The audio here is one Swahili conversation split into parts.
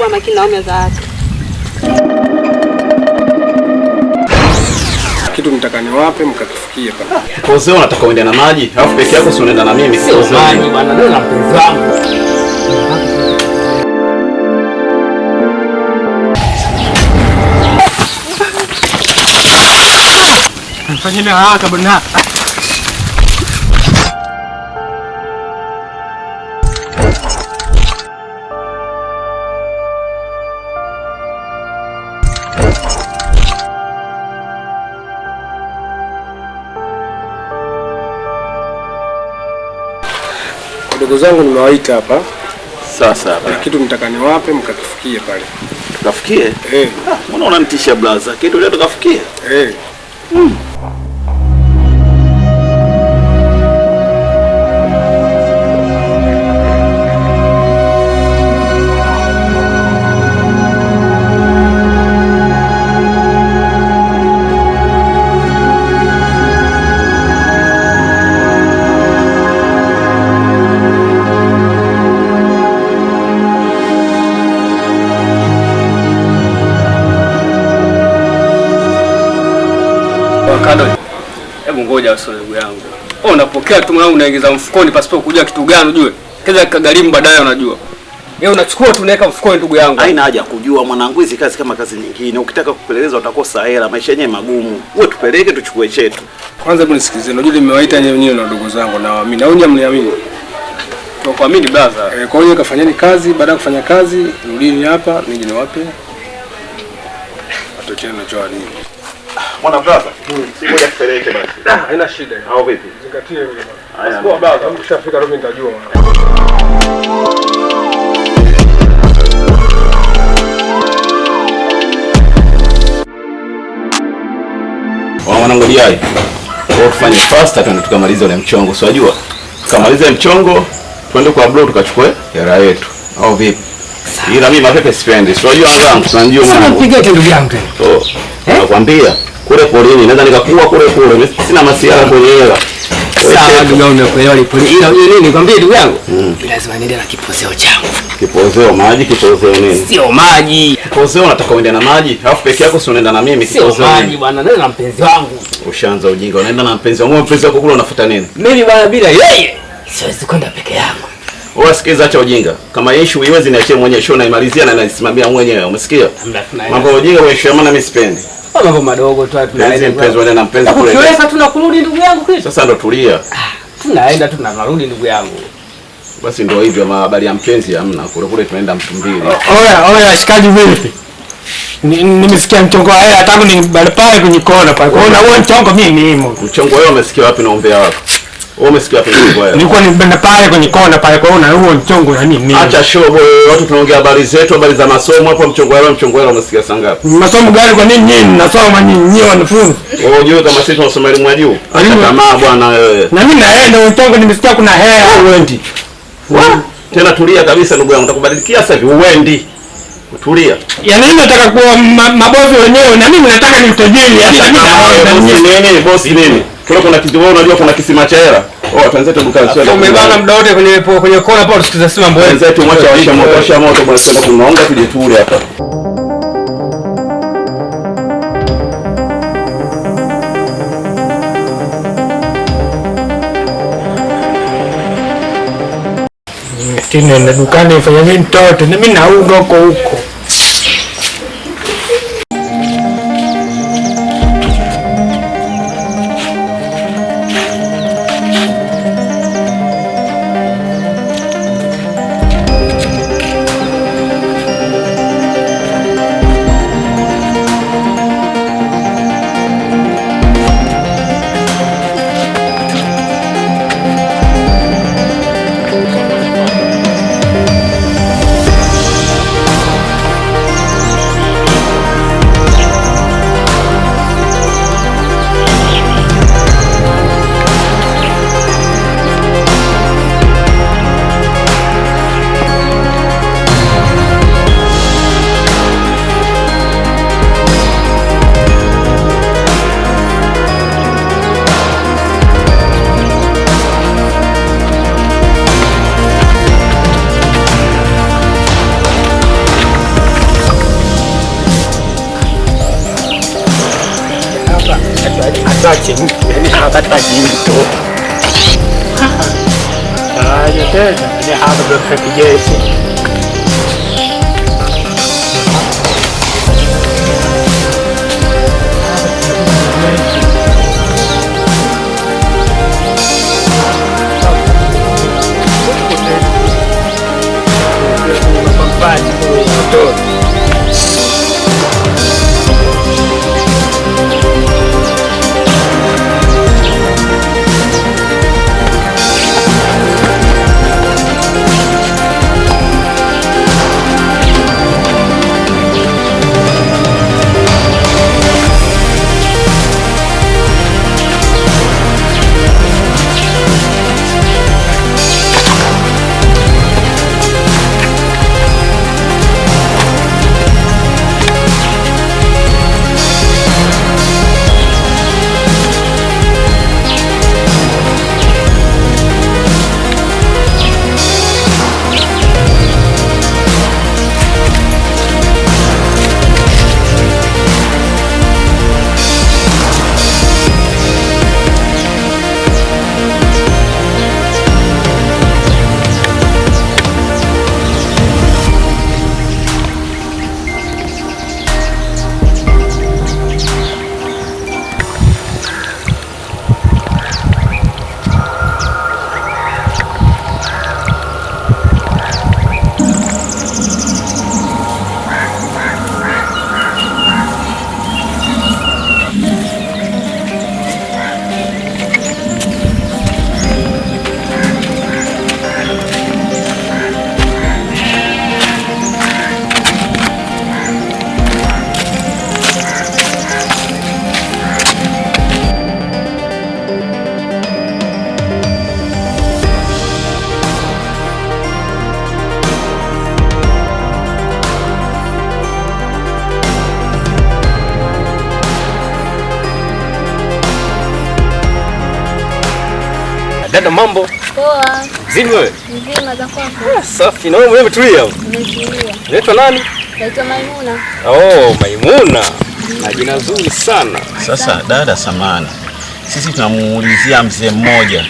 kuwa makini na omyo za watu. Kitu mtakani wape mkakifikia bana. Kozeo unataka uende na maji, alafu peke yako si unaenda na mimi. Sio maji bwana, leo na mpenzi wangu. Fanyeni haraka bwana. Ndugu zangu nimewaita hapa sawa hapa. Kitu mtaka niwape mkakifikie pale. Tukafikie? Eh. Ah, mbona unanitisha blaza? Kitu leo tukafikie? Eh. Mm. hebu ngoja wasoegu yangu. Oh, unapokea tu mwanangu, unaingiza mfukoni pasipo kujua kitu gani ujue. Kaza kagarimu baadaye unajua. Yeye yaani unachukua tu unaweka mfukoni ndugu yangu. Haina haja kujua mwanangu, hizi kazi kama kazi nyingine. Ukitaka kupeleleza utakosa hela, maisha yenyewe magumu. Wewe tupeleke tuchukue chetu. Kwanza hebu nisikilize. Unajua nimewaita nyenyewe na ndugu zangu na waamini. Au nyamniamini? Kwa kuamini baza. E, eh, kwa hiyo kafanyeni kazi, baada ya kufanya kazi, rudini hapa, nije niwape. Atokeni na chawadi. Mwana brother, hmm, siku moja tupeleke basi. Ah, haina shida. Au vipi? Zingatie wewe bwana. Sikuwa baba, ukishafika Rumi nitajua mwana. Mwanangu Jai, tufanye faster twende tukamaliza ule mchongo, si unajua? Tukamalize mchongo twende kwa bro tukachukue hela yetu, au vipi? Ila mimi mapepe sipendi, si unajua mwanangu, tunajua mwanangu. Sasa mpigie tu ndugu yangu. Oh, eh? nakwambia kule polini, naweza nikakuwa kule kule, sina masiara kwenye hela. Sawa ndugu yangu, nimekuelewa lipo. Ila hiyo nini nikwambie ndugu yangu? Mm. Lazima niende na kipozeo changu. Kipozeo maji, kipozeo nini? Sio maji. Kipozeo nataka uende na maji? Alafu peke yako si unaenda na mimi kipozeo. Sio maji bwana, nenda na mpenzi wangu. Ushaanza ujinga, unaenda na mpenzi wangu. Mpenzi wako kule unafuta nini? Mimi bwana, bila yeye siwezi kwenda peke yangu. Wewe sikiza, acha ujinga. Kama yeye shughuli hiyo zinaachia mwenyewe, sio naimalizia na naisimamia mwenyewe. Umesikia? Mambo ya ujinga, maana mimi sipendi. Kwa mambo madogo tu tunaenda mpenzi wewe na mpenzi kule. Tunaenda tunakurudi ndugu yangu kwetu. Sasa ndo tulia. Ah, tunaenda tu tunarudi ndugu yangu. Basi ndio hivyo habari ya mpenzi hamna. Kule kule tunaenda mtu mbili. Oya oya shikaji vipi? Nimesikia mchongo eh, haya tangu ni pale kwenye kona pale. Kwa hiyo na huo mchongo mimi nimo. Mchongo wewe umesikia wapi naombea wako? Umesikia hapo hiyo. Nilikuwa nimependa pale kwenye kona pale kwa una huo mchongo na nini. Acha show watu tunaongea habari zetu, habari za masomo hapo mchongo wao mchongo wao unasikia saa Masomo gani kwa nini nini nasoma nini nyewe wanafunzi? Wewe unajua kama sisi tunasoma elimu ya juu. Tamaa bwana wewe. Na mimi naenda mchongo nimesikia kuna hea uendi. Tena tulia kabisa ndugu yangu nitakubadilikia sasa hivi uendi. Tulia. Ya yaani mimi nataka kuwa mabovu wenyewe na mimi nataka ni utajiri mimi. nini? Bosi nini? Kuna kuna kitu wewe unajua kuna kisima cha hela. Oh, tuanze tu dukani sio. Umebana muda wote kwenye kwenye kona hapo tusikiza sima mambo yetu. Wenzetu mwacha washa moto, washa moto bwana, kwenda tunaonga tuje tule hapa. Tine na dukani fanya mimi mtoto? Mimi naunga huko huko. àtàjẹ mi tó ẹni àbátàjẹ mi tó. Ah, yo sé, ni hago lo que quieres. Mambo poa. Zima wewe? Nzima za kwako? Ah, safi. Na wewe umetulia? Nimetulia. Unaitwa nani? Naitwa Maimuna. Oh, Maimuna. Na jina zuri sana. Sasa dada, Samana. sisi tunamuulizia mzee mmoja,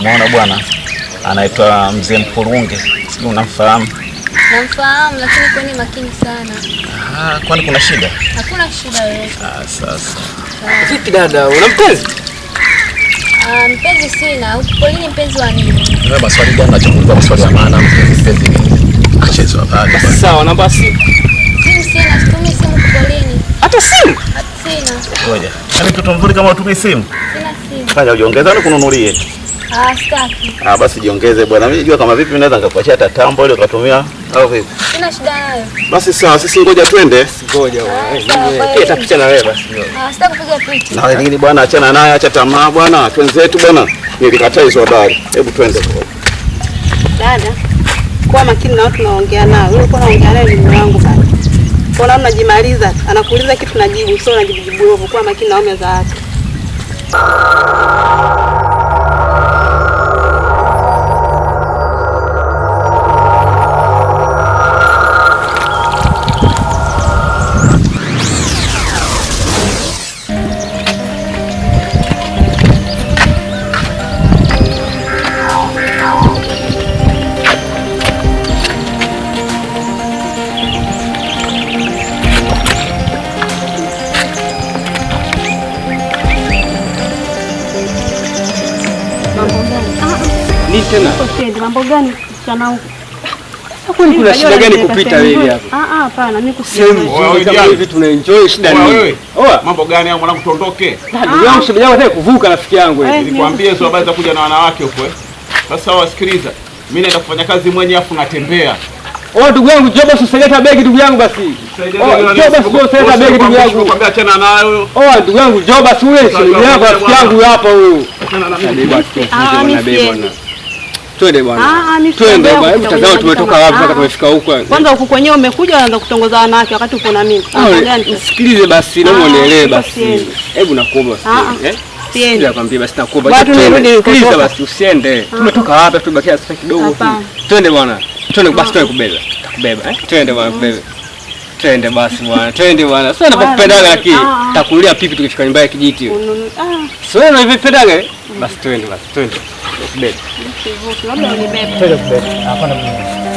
unaona bwana, anaitwa mzee Mpurunge, sijui unamfahamu? Namfahamu lakini kwani makini sana. Ah, kwani kuna shida? Hakuna shida yoyote. Ah, sasa. Vipi dada, una Uh, mpenzi sina. Uko lini mpenzi wa nini? Wewe maswali gani unachunguza maswali ya maana mpenzi nini? Achezwa bali. Sawa, namba simu. Simu sina, situmii simu kwa lini? Hata simu? sina. Ngoja. Yaani mtoto mzuri kama utumii simu? Sina simu. Fanya ujiongeze na yaani kununulie. Ah, ah, basi jiongeze bwana. Mimi najua kama vipi naweza nikakuachia hata tambo ile ukatumia au vipi? Sina shida nayo. Basi sawa, sisi ngoja twende. Ngoja wewe. bwana. Ah, picha na wewe basi. Ah, sitaki kupiga picha. Na wewe bwana, achana naye, acha tamaa bwana. Twenzetu bwana. Nilikataa hizo habari. Hebu twende. Dada, kuwa makini na watu naongea nao. Wewe uko naongea naye ni mwangu wangu bwana. Kwa nini unajimaliza? Anakuuliza kitu najibu, sio unajibu jibu. Kuwa makini na waume za watu. tena. Mambo gani msichana? Kwani kuna shida gani kupita wewe hapa? Ah ah, hapana, mimi hivi tuna enjoy shida nini? Mambo gani hao mwanangu tuondoke. Ah. Ndio kuvuka rafiki yangu eh, habari za kuja na wanawake huko eh. Sasa wasikiliza. Mimi naenda kufanya kazi mwenyewe afu natembea. ndugu yangu joba usileta begi ndugu yangu basi. begi ndugu yangu. achana nayo. ndugu yangu yako rafiki yangu hapa Ah, mimi. Twende bwana. Ah, ah, twende bwana. Hebu tazama tumetoka wapi mpaka tumefika huko. Kwanza huko kwenyewe umekuja unaanza kutongoza wanawake wakati uko na mimi. Ah, Sikilize basi na muonelee basi. Hebu nakuomba sasa. Eh? Siende. Nakwambia basi nakuomba. Watu nirudi huko. Sikiliza basi usiende. Tumetoka wapi tubakia sasa kidogo tu. Twende bwana. Twende basi twende kubeba. Takubeba eh? Twende bwana kubeba. Twende basi bwana, twende bwana. Sasa nakupendaga lakini ah, ah. takulia pipi tukifika nyumba ya kijiti. Sio wewe unavipendaga? Eh? Basi twende basi, twende. Bebe. Labda unibebe. Twende bebe. Hapana.